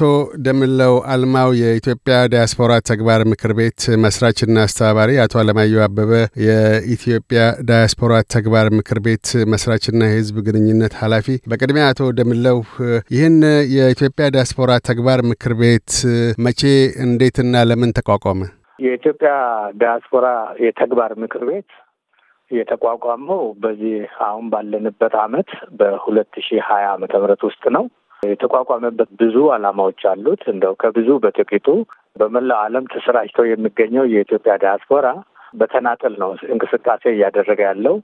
አቶ ደምለው አልማው የኢትዮጵያ ዲያስፖራ ተግባር ምክር ቤት መስራችና አስተባባሪ፣ አቶ አለማየሁ አበበ የኢትዮጵያ ዳያስፖራ ተግባር ምክር ቤት መስራችና የህዝብ ግንኙነት ኃላፊ። በቅድሚያ አቶ ደምለው ይህን የኢትዮጵያ ዲያስፖራ ተግባር ምክር ቤት መቼ እንዴትና ለምን ተቋቋመ? የኢትዮጵያ ዳያስፖራ የተግባር ምክር ቤት የተቋቋመው በዚህ አሁን ባለንበት ዓመት በሁለት ሺህ ሀያ አመተ ምህረት ውስጥ ነው። የተቋቋመበት ብዙ ዓላማዎች አሉት። እንደው ከብዙ በጥቂቱ በመላው ዓለም ተሰራጭተው የሚገኘው የኢትዮጵያ ዲያስፖራ በተናጠል ነው እንቅስቃሴ እያደረገ ያለው።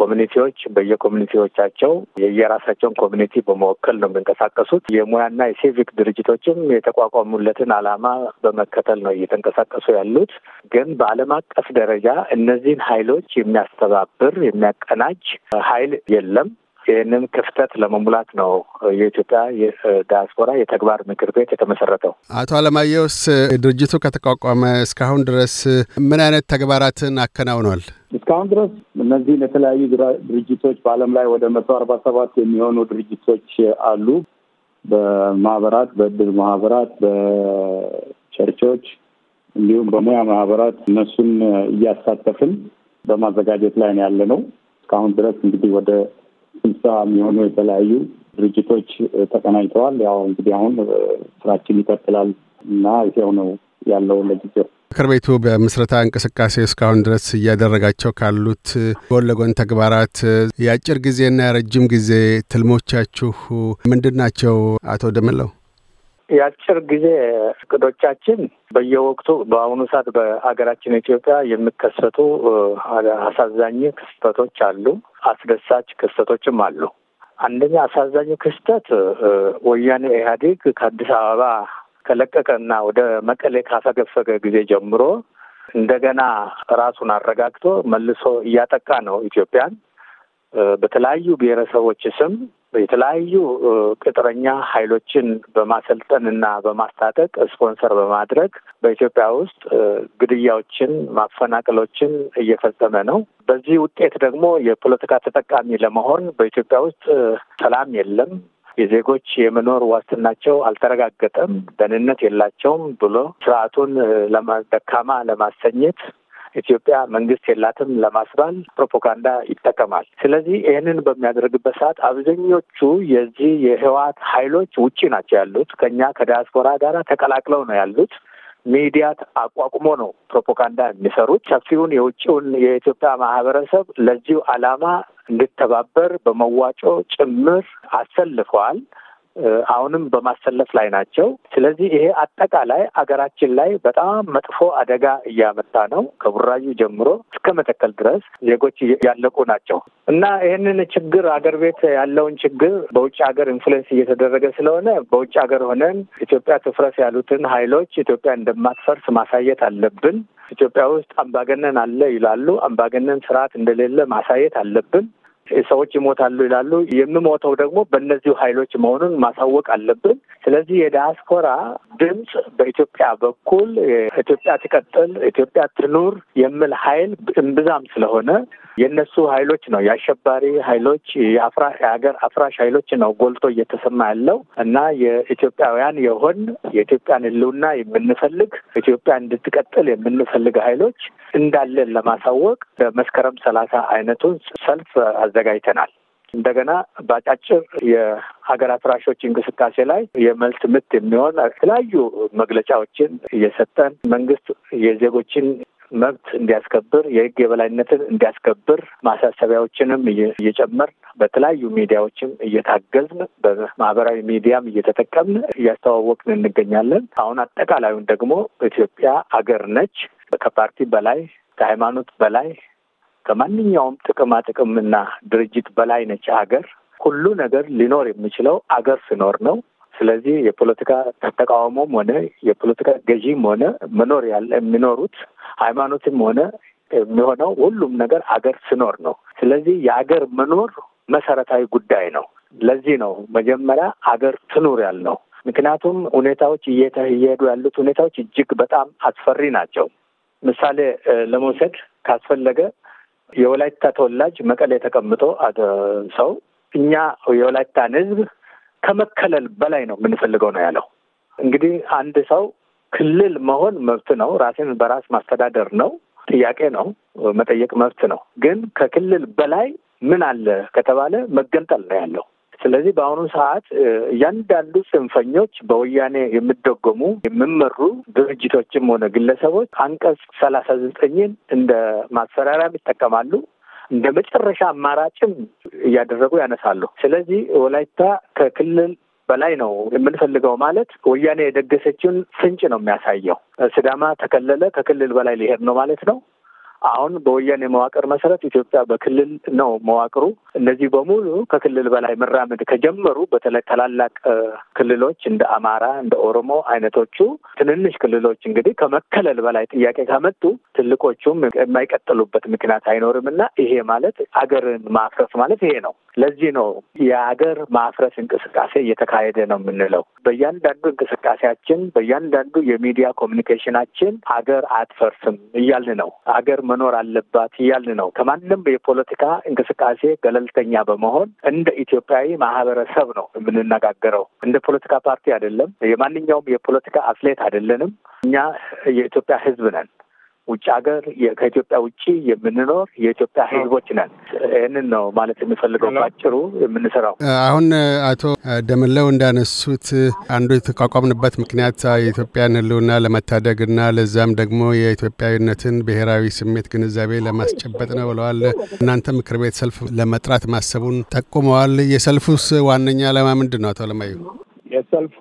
ኮሚኒቲዎች በየኮሚኒቲዎቻቸው የየራሳቸውን ኮሚኒቲ በመወከል ነው የሚንቀሳቀሱት። የሙያና የሲቪክ ድርጅቶችም የተቋቋሙለትን ዓላማ በመከተል ነው እየተንቀሳቀሱ ያሉት። ግን በዓለም አቀፍ ደረጃ እነዚህን ኃይሎች የሚያስተባብር የሚያቀናጅ ኃይል የለም። ይህንን ክፍተት ለመሙላት ነው የኢትዮጵያ ዲያስፖራ የተግባር ምክር ቤት የተመሰረተው። አቶ አለማየሁስ ድርጅቱ ከተቋቋመ እስካሁን ድረስ ምን አይነት ተግባራትን አከናውኗል? እስካሁን ድረስ እነዚህን የተለያዩ ድርጅቶች በዓለም ላይ ወደ መቶ አርባ ሰባት የሚሆኑ ድርጅቶች አሉ። በማህበራት፣ በእድር ማህበራት፣ በቸርቾች እንዲሁም በሙያ ማህበራት እነሱን እያሳተፍን በማዘጋጀት ላይ ነው ያለ ነው። እስካሁን ድረስ እንግዲህ ወደ ስልሳ የሚሆኑ የተለያዩ ድርጅቶች ተቀናጅተዋል። ያው እንግዲህ አሁን ስራችን ይቀጥላል እና ይሄው ነው ያለው ለጊዜው። ምክር ቤቱ በምስረታ እንቅስቃሴ እስካሁን ድረስ እያደረጋቸው ካሉት ጎን ለጎን ተግባራት የአጭር ጊዜና የረጅም ጊዜ ትልሞቻችሁ ምንድን ናቸው? አቶ ደምለው የአጭር ጊዜ እቅዶቻችን በየወቅቱ በአሁኑ ሰዓት በሀገራችን ኢትዮጵያ የሚከሰቱ አሳዛኝ ክስተቶች አሉ፣ አስደሳች ክስተቶችም አሉ። አንደኛ አሳዛኙ ክስተት ወያኔ ኢህአዴግ ከአዲስ አበባ ከለቀቀና ወደ መቀሌ ካፈገፈገ ጊዜ ጀምሮ እንደገና ራሱን አረጋግቶ መልሶ እያጠቃ ነው ኢትዮጵያን በተለያዩ ብሔረሰቦች ስም የተለያዩ ቅጥረኛ ኃይሎችን በማሰልጠን እና በማስታጠቅ ስፖንሰር በማድረግ በኢትዮጵያ ውስጥ ግድያዎችን፣ ማፈናቀሎችን እየፈጸመ ነው። በዚህ ውጤት ደግሞ የፖለቲካ ተጠቃሚ ለመሆን በኢትዮጵያ ውስጥ ሰላም የለም። የዜጎች የመኖር ዋስትናቸው አልተረጋገጠም፣ ደህንነት የላቸውም ብሎ ስርዓቱን ደካማ ለማሰኘት ኢትዮጵያ መንግስት የላትም ለማስባል ፕሮፓጋንዳ ይጠቀማል። ስለዚህ ይህንን በሚያደርግበት ሰዓት አብዛኞቹ የዚህ የህወሓት ኃይሎች ውጪ ናቸው ያሉት ከኛ ከዲያስፖራ ጋር ተቀላቅለው ነው ያሉት። ሚዲያ አቋቁሞ ነው ፕሮፓጋንዳ የሚሰሩት። ሰፊውን የውጭውን የኢትዮጵያ ማህበረሰብ ለዚሁ ዓላማ እንድተባበር በመዋጮ ጭምር አሰልፈዋል። አሁንም በማሰለፍ ላይ ናቸው። ስለዚህ ይሄ አጠቃላይ አገራችን ላይ በጣም መጥፎ አደጋ እያመጣ ነው። ከቡራዩ ጀምሮ እስከ መተከል ድረስ ዜጎች ያለቁ ናቸው እና ይህንን ችግር አገር ቤት ያለውን ችግር በውጭ ሀገር ኢንፍሉዌንስ እየተደረገ ስለሆነ በውጭ ሀገር ሆነን ኢትዮጵያ ትፍረስ ያሉትን ሀይሎች ኢትዮጵያ እንደማትፈርስ ማሳየት አለብን። ኢትዮጵያ ውስጥ አምባገነን አለ ይላሉ። አምባገነን ስርዓት እንደሌለ ማሳየት አለብን። ሰዎች ይሞታሉ ይላሉ። የምሞተው ደግሞ በእነዚሁ ኃይሎች መሆኑን ማሳወቅ አለብን። ስለዚህ የዲያስፖራ ድምፅ በኢትዮጵያ በኩል ኢትዮጵያ ትቀጥል፣ ኢትዮጵያ ትኑር የሚል ኃይል እምብዛም ስለሆነ የእነሱ ኃይሎች ነው የአሸባሪ ኃይሎች የሀገር አፍራሽ ኃይሎች ነው ጎልቶ እየተሰማ ያለው እና የኢትዮጵያውያን የሆን የኢትዮጵያን ህልውና የምንፈልግ ኢትዮጵያ እንድትቀጥል የምንፈልግ ኃይሎች እንዳለን ለማሳወቅ መስከረም ሰላሳ አይነቱን ሰልፍ አዘጋጅተናል። እንደገና በአጫጭር የሀገር አፍራሾች እንቅስቃሴ ላይ የመልስ ምት የሚሆን የተለያዩ መግለጫዎችን እየሰጠን መንግስት የዜጎችን መብት እንዲያስከብር የህግ የበላይነትን እንዲያስከብር ማሳሰቢያዎችንም እየጨመር በተለያዩ ሚዲያዎችም እየታገዝን በማህበራዊ ሚዲያም እየተጠቀምን እያስተዋወቅን እንገኛለን። አሁን አጠቃላዩን ደግሞ ኢትዮጵያ አገር ነች። ከፓርቲ በላይ ከሃይማኖት በላይ ከማንኛውም ጥቅማ ጥቅምና ድርጅት በላይ ነች አገር። ሁሉ ነገር ሊኖር የሚችለው አገር ሲኖር ነው። ስለዚህ የፖለቲካ ተቃውሞም ሆነ የፖለቲካ ገዢም ሆነ መኖር ያለ የሚኖሩት ሃይማኖትም ሆነ የሚሆነው ሁሉም ነገር አገር ሲኖር ነው። ስለዚህ የአገር መኖር መሰረታዊ ጉዳይ ነው። ለዚህ ነው መጀመሪያ አገር ትኑር ያልነው። ምክንያቱም ሁኔታዎች እየሄዱ ያሉት ሁኔታዎች እጅግ በጣም አስፈሪ ናቸው። ምሳሌ ለመውሰድ ካስፈለገ የወላይታ ተወላጅ መቀሌ ተቀምጦ ሰው እኛ የወላይታን ህዝብ ከመከለል በላይ ነው የምንፈልገው ነው ያለው። እንግዲህ አንድ ሰው ክልል መሆን መብት ነው፣ ራሴን በራስ ማስተዳደር ነው ጥያቄ ነው፣ መጠየቅ መብት ነው። ግን ከክልል በላይ ምን አለ ከተባለ መገንጠል ነው ያለው። ስለዚህ በአሁኑ ሰዓት እያንዳንዱ ጽንፈኞች በወያኔ የሚደጎሙ የሚመሩ ድርጅቶችም ሆነ ግለሰቦች አንቀጽ ሰላሳ ዘጠኝን እንደ ማስፈራሪያም ይጠቀማሉ እንደ መጨረሻ አማራጭም እያደረጉ ያነሳሉ። ስለዚህ ወላይታ ከክልል በላይ ነው የምንፈልገው ማለት ወያኔ የደገሰችውን ፍንጭ ነው የሚያሳየው። ስዳማ ተከለለ ከክልል በላይ ሊሄድ ነው ማለት ነው። አሁን በወያኔ መዋቅር መሰረት ኢትዮጵያ በክልል ነው መዋቅሩ። እነዚህ በሙሉ ከክልል በላይ መራመድ ከጀመሩ በተለይ ታላላቅ ክልሎች እንደ አማራ እንደ ኦሮሞ አይነቶቹ ትንንሽ ክልሎች እንግዲህ ከመከለል በላይ ጥያቄ ካመጡ ትልቆቹም የማይቀጥሉበት ምክንያት አይኖርም እና ይሄ ማለት አገርን ማፍረስ ማለት ይሄ ነው። ለዚህ ነው የሀገር ማፍረስ እንቅስቃሴ እየተካሄደ ነው የምንለው። በእያንዳንዱ እንቅስቃሴያችን፣ በእያንዳንዱ የሚዲያ ኮሚኒኬሽናችን ሀገር አትፈርስም እያልን ነው። ሀገር መኖር አለባት እያልን ነው። ከማንም የፖለቲካ እንቅስቃሴ ገለልተኛ በመሆን እንደ ኢትዮጵያዊ ማህበረሰብ ነው የምንነጋገረው። እንደ ፖለቲካ ፓርቲ አይደለም። የማንኛውም የፖለቲካ አትሌት አይደለንም። እኛ የኢትዮጵያ ሕዝብ ነን። ውጭ ሀገር ከኢትዮጵያ ውጭ የምንኖር የኢትዮጵያ ህዝቦች ነን። ይህንን ነው ማለት የምፈልገው ባጭሩ የምንሰራው። አሁን አቶ ደምለው እንዳነሱት አንዱ የተቋቋምንበት ምክንያት የኢትዮጵያን ለመታደግ ለመታደግና ለዛም ደግሞ የኢትዮጵያዊነትን ብሔራዊ ስሜት ግንዛቤ ለማስጨበጥ ነው ብለዋል። እናንተ ምክር ቤት ሰልፍ ለመጥራት ማሰቡን ጠቁመዋል። የሰልፉስ ዋነኛ ዓላማ ምንድን ነው አቶ ለማዩ? የሰልፉ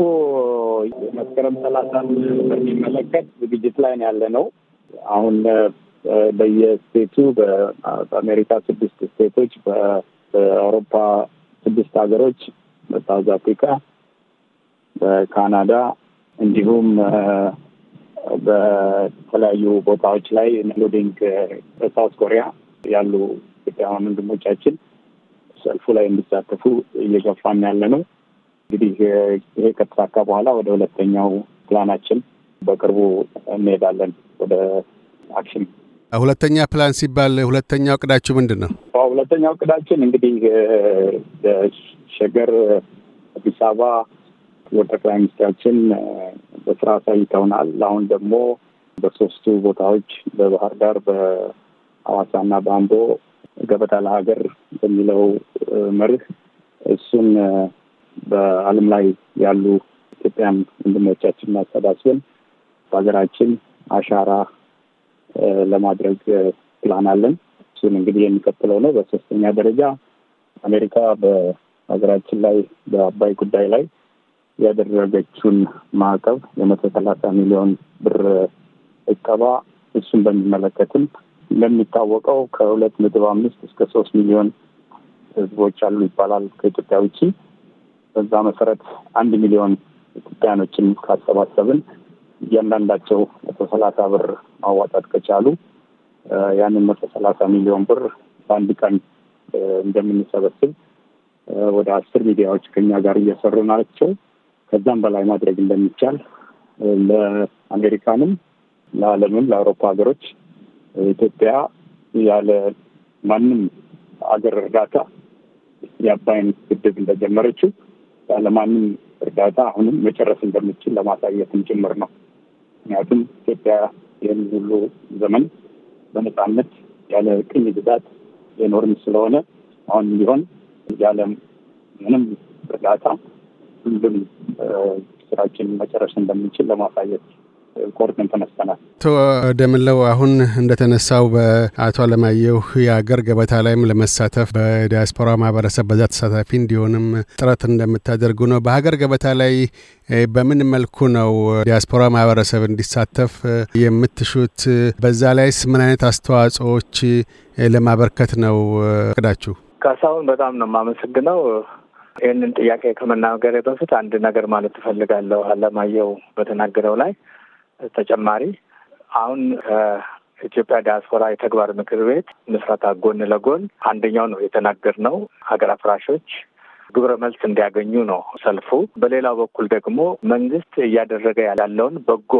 መስከረም ሰላሳን በሚመለከት ዝግጅት ላይ ያለ ነው። አሁን በየስቴቱ በአሜሪካ ስድስት ስቴቶች፣ በአውሮፓ ስድስት ሀገሮች፣ በሳውዝ አፍሪካ፣ በካናዳ እንዲሁም በተለያዩ ቦታዎች ላይ ኢንክሉዲንግ በሳውት ኮሪያ ያሉ ኢትዮጵያውያን ወንድሞቻችን ሰልፉ ላይ እንዲሳተፉ እየገፋን ያለ ነው። እንግዲህ ይሄ ከተሳካ በኋላ ወደ ሁለተኛው ፕላናችን በቅርቡ እንሄዳለን ወደ አክሽን። ሁለተኛ ፕላን ሲባል ሁለተኛው እቅዳችሁ ምንድን ነው? ሁለተኛው እቅዳችን እንግዲህ ሸገር አዲስ አበባ ክቡር ጠቅላይ ሚኒስትራችን በስራ አሳይተውናል። አሁን ደግሞ በሶስቱ ቦታዎች በባህር ዳር፣ በሐዋሳና በአምቦ ገበታ ለሀገር በሚለው መርህ እሱን በዓለም ላይ ያሉ ኢትዮጵያን ወንድሞቻችን አሰባስበን በሀገራችን አሻራ ለማድረግ ፕላን አለን። እሱን እንግዲህ የሚቀጥለው ነው። በሶስተኛ ደረጃ አሜሪካ በሀገራችን ላይ በአባይ ጉዳይ ላይ ያደረገችውን ማዕቀብ የመቶ ሰላሳ ሚሊዮን ብር እቀባ እሱን በሚመለከትም እንደሚታወቀው ከሁለት ነጥብ አምስት እስከ ሶስት ሚሊዮን ህዝቦች አሉ ይባላል ከኢትዮጵያ ውጭ። በዛ መሰረት አንድ ሚሊዮን ኢትዮጵያኖችን ካሰባሰብን እያንዳንዳቸው መቶ ሰላሳ ብር ማዋጣት ከቻሉ ያንን መቶ ሰላሳ ሚሊዮን ብር በአንድ ቀን እንደምንሰበስብ ወደ አስር ሚዲያዎች ከኛ ጋር እየሰሩ ናቸው። ከዛም በላይ ማድረግ እንደሚቻል ለአሜሪካንም፣ ለዓለምም፣ ለአውሮፓ ሀገሮች ኢትዮጵያ ያለ ማንም አገር እርዳታ የአባይን ግድብ እንደጀመረችው ያለ ማንም እርዳታ አሁንም መጨረስ እንደምችል ለማሳየትም ጭምር ነው። ምክንያቱም ኢትዮጵያ ይህን ሁሉ ዘመን በነፃነት ያለ ቅኝ ግዛት የኖርን ስለሆነ አሁን ቢሆን ያለ ምንም እርዳታ ሁሉም ስራችን መጨረስ እንደምንችል ለማሳየት ቆርጠን ተነስተናል። አቶ ደምለው አሁን እንደተነሳው በአቶ አለማየሁ የአገር ገበታ ላይም ለመሳተፍ በዲያስፖራ ማህበረሰብ በዛ ተሳታፊ እንዲሆንም ጥረት እንደምታደርጉ ነው። በሀገር ገበታ ላይ በምን መልኩ ነው ዲያስፖራ ማህበረሰብ እንዲሳተፍ የምትሹት? በዛ ላይስ ምን አይነት አስተዋጽኦዎች ለማበርከት ነው እቅዳችሁ? ካሳሁን በጣም ነው የማመሰግነው። ይህንን ጥያቄ ከመናገሬ በፊት አንድ ነገር ማለት እፈልጋለሁ። አለማየሁ በተናገረው ላይ ተጨማሪ አሁን ኢትዮጵያ ዲያስፖራ የተግባር ምክር ቤት ምስረታ ጎን ለጎን አንደኛው ነው የተናገርነው ሀገር አፍራሾች ግብረ መልስ እንዲያገኙ ነው ሰልፉ። በሌላው በኩል ደግሞ መንግስት እያደረገ ያለውን በጎ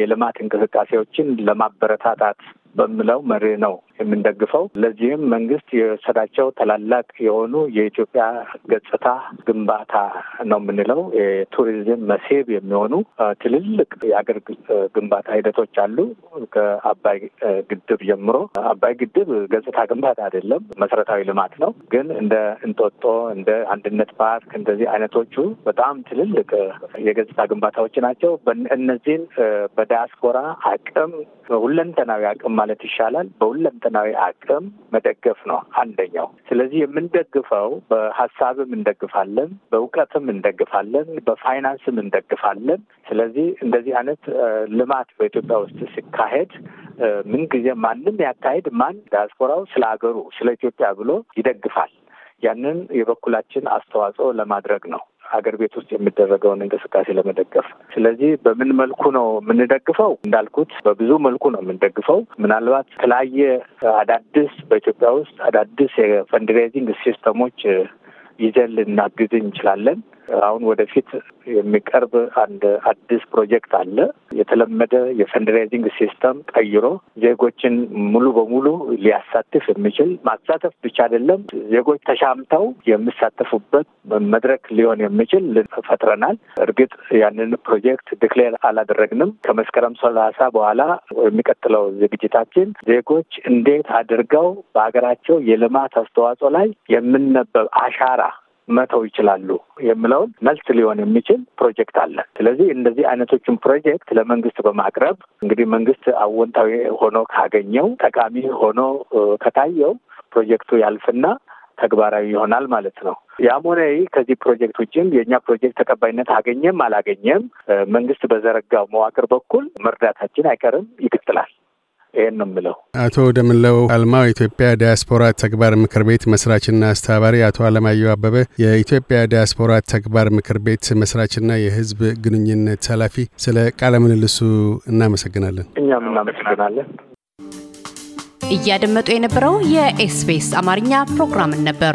የልማት እንቅስቃሴዎችን ለማበረታታት በምለው መሪ ነው የምንደግፈው። ለዚህም መንግስት የወሰዳቸው ታላላቅ የሆኑ የኢትዮጵያ ገጽታ ግንባታ ነው የምንለው የቱሪዝም መስህብ የሚሆኑ ትልልቅ የአገር ግንባታ ሂደቶች አሉ። ከአባይ ግድብ ጀምሮ አባይ ግድብ ገጽታ ግንባታ አይደለም፣ መሰረታዊ ልማት ነው። ግን እንደ እንጦጦ፣ እንደ አንድነት ፓርክ እንደዚህ አይነቶቹ በጣም ትልልቅ የገጽታ ግንባታዎች ናቸው። እነዚህን በዲያስፖራ አቅም ሁለንተናዊ አቅም ማለት ይሻላል በሁለ በሁለንተናዊ አቅም መደገፍ ነው አንደኛው። ስለዚህ የምንደግፈው በሀሳብም እንደግፋለን፣ በእውቀትም እንደግፋለን፣ በፋይናንስም እንደግፋለን። ስለዚህ እንደዚህ አይነት ልማት በኢትዮጵያ ውስጥ ሲካሄድ ምንጊዜ ማንም ያካሄድ ማን ዲያስፖራው ስለ ሀገሩ ስለ ኢትዮጵያ ብሎ ይደግፋል። ያንን የበኩላችን አስተዋጽኦ ለማድረግ ነው። አገር ቤት ውስጥ የሚደረገውን እንቅስቃሴ ለመደገፍ። ስለዚህ በምን መልኩ ነው የምንደግፈው? እንዳልኩት በብዙ መልኩ ነው የምንደግፈው። ምናልባት የተለያየ አዳዲስ በኢትዮጵያ ውስጥ አዳዲስ የፈንድሬዚንግ ሲስተሞች ይዘን ልናግዝ እንችላለን። አሁን ወደፊት የሚቀርብ አንድ አዲስ ፕሮጀክት አለ። የተለመደ የፈንድሬዚንግ ሲስተም ቀይሮ ዜጎችን ሙሉ በሙሉ ሊያሳትፍ የሚችል ማሳተፍ ብቻ አይደለም፣ ዜጎች ተሻምተው የሚሳተፉበት መድረክ ሊሆን የሚችል ፈጥረናል። እርግጥ ያንን ፕሮጀክት ዲክሌር አላደረግንም። ከመስከረም ሰላሳ በኋላ የሚቀጥለው ዝግጅታችን ዜጎች እንዴት አድርገው በሀገራቸው የልማት አስተዋጽኦ ላይ የምንነበብ አሻራ መተው ይችላሉ የሚለውን መልስ ሊሆን የሚችል ፕሮጀክት አለ። ስለዚህ እንደዚህ አይነቶችን ፕሮጀክት ለመንግስት በማቅረብ እንግዲህ መንግስት አወንታዊ ሆኖ ካገኘው ጠቃሚ ሆኖ ከታየው ፕሮጀክቱ ያልፍና ተግባራዊ ይሆናል ማለት ነው። ያም ሆነ ይህ ከዚህ ፕሮጀክት ውጭም የእኛ ፕሮጀክት ተቀባይነት አገኘም አላገኘም መንግስት በዘረጋው መዋቅር በኩል መርዳታችን አይቀርም፣ ይቀጥላል። ይሄን ነው የምለው። አቶ ደምለው አልማው የኢትዮጵያ ዲያስፖራ ተግባር ምክር ቤት መስራችና አስተባባሪ፣ አቶ አለማየሁ አበበ የኢትዮጵያ ዲያስፖራ ተግባር ምክር ቤት መስራችና የህዝብ ግንኙነት ኃላፊ፣ ስለ ቃለ ምልልሱ እናመሰግናለን። እኛም እናመሰግናለን። እያደመጡ የነበረው የኤስቢኤስ አማርኛ ፕሮግራምን ነበር።